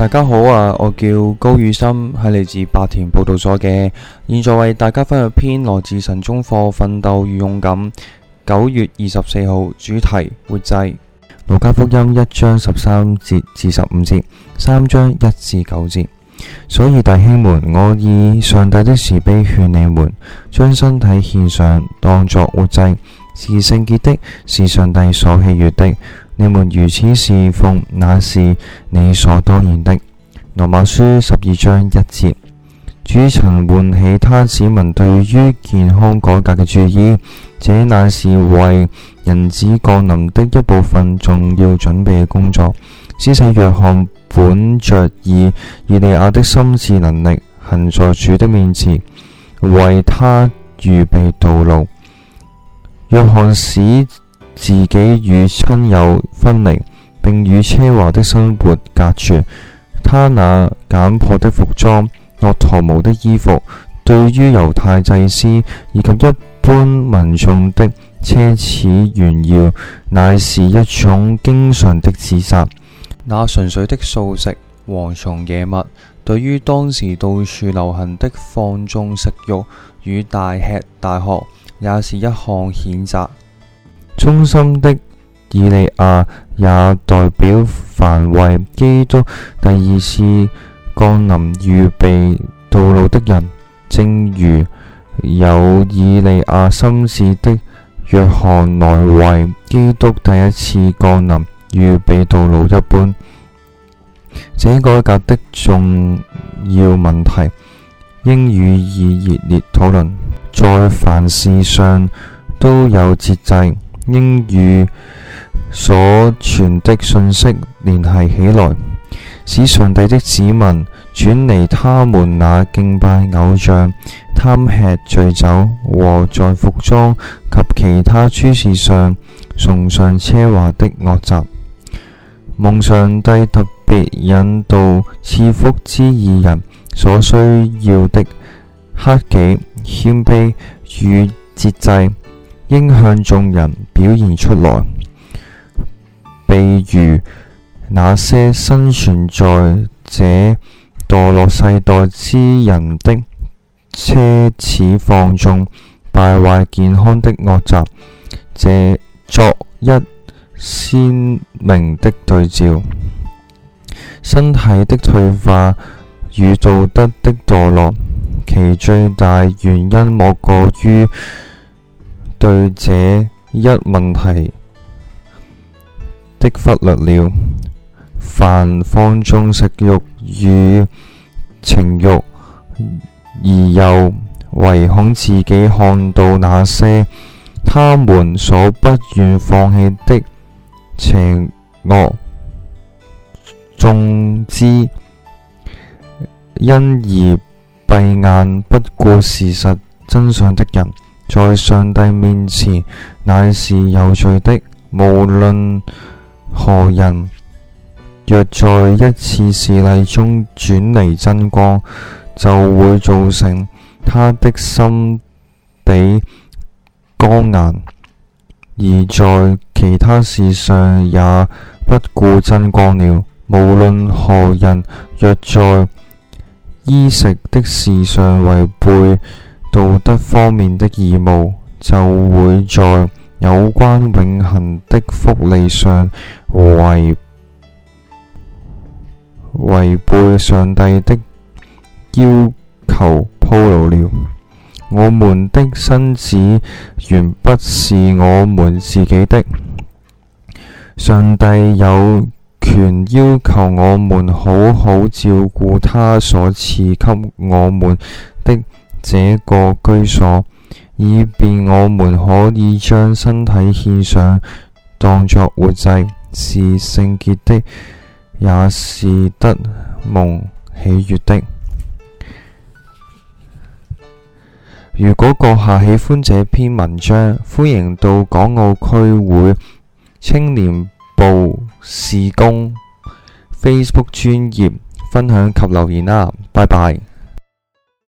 大家好啊，我叫高宇森，係嚟自白田報道所嘅。現在為大家分享篇羅志神中課《奮鬥與勇敢》，九月二十四號主題活祭，路加福音一章十三節至十五節，三章一至九節。所以弟兄們，我以上帝的慈悲勸你們，將身體獻上，當作活祭，是聖潔的，是上帝所喜悅的。你們如此侍奉，那是理所當然的。羅馬書十二章一節。主曾喚起他子民對於健康改革嘅注意，這乃是為人子降臨的一部分重要準備嘅工作。施洗約翰本着以以利亞的心智能力，行在主的面前，為他預備道路。約翰使。自己與親友分離，並與奢華的生活隔絕。他那簡樸的服裝、駱駝毛的衣服，對於猶太祭司以及一般民眾的奢侈炫耀，乃是一種經常的指責。那純粹的素食、蝗蟲野蜜，對於當時到處流行的放縱食慾與大吃大喝，也是一項譴責。中心的以利亞也代表凡為基督第二次降臨預備道路的人，正如有以利亞心事的約翰來為基督第一次降臨預備道路一般。這改革的重要問題應予以熱烈討論，在凡事上都有節制。應與所傳的信息聯繫起來，使上帝的子民轉離他們那敬拜偶像、貪吃醉酒和在服裝及其他諸事上崇尚奢華的惡習，蒙上帝特別引導賜福之二人所需要的克己、謙卑與節制。應向眾人表現出來，譬如那些生存在這墮落世代之人的奢侈放縱、敗壞健康的惡習，這作一鮮明的對照。身體的退化與道德的墮落，其最大原因莫過於。對這一問題的忽略了，凡放縱食慾與情慾，而又唯恐自己看到那些他們所不願放棄的邪惡，縱之因而閉眼不顧事實真相的人。在上帝面前，乃是有罪的。無論何人，若在一次事例中轉離真光，就會造成他的心地剛硬；而在其他事上，也不顧真光了。無論何人，若在衣食的事上違背，道德方面的義務，就會在有關永恒的福利上違違背上帝的要求，鋪路了。我們的身子原不是我們自己的，上帝有權要求我們好好照顧他所賜給我們，這個居所，以便我們可以將身體獻上，當作活祭，是聖潔的，也是得蒙喜悅的。如果閣下喜歡這篇文章，歡迎到港澳區會青年部事工 Facebook 專頁分享及留言啦。拜拜。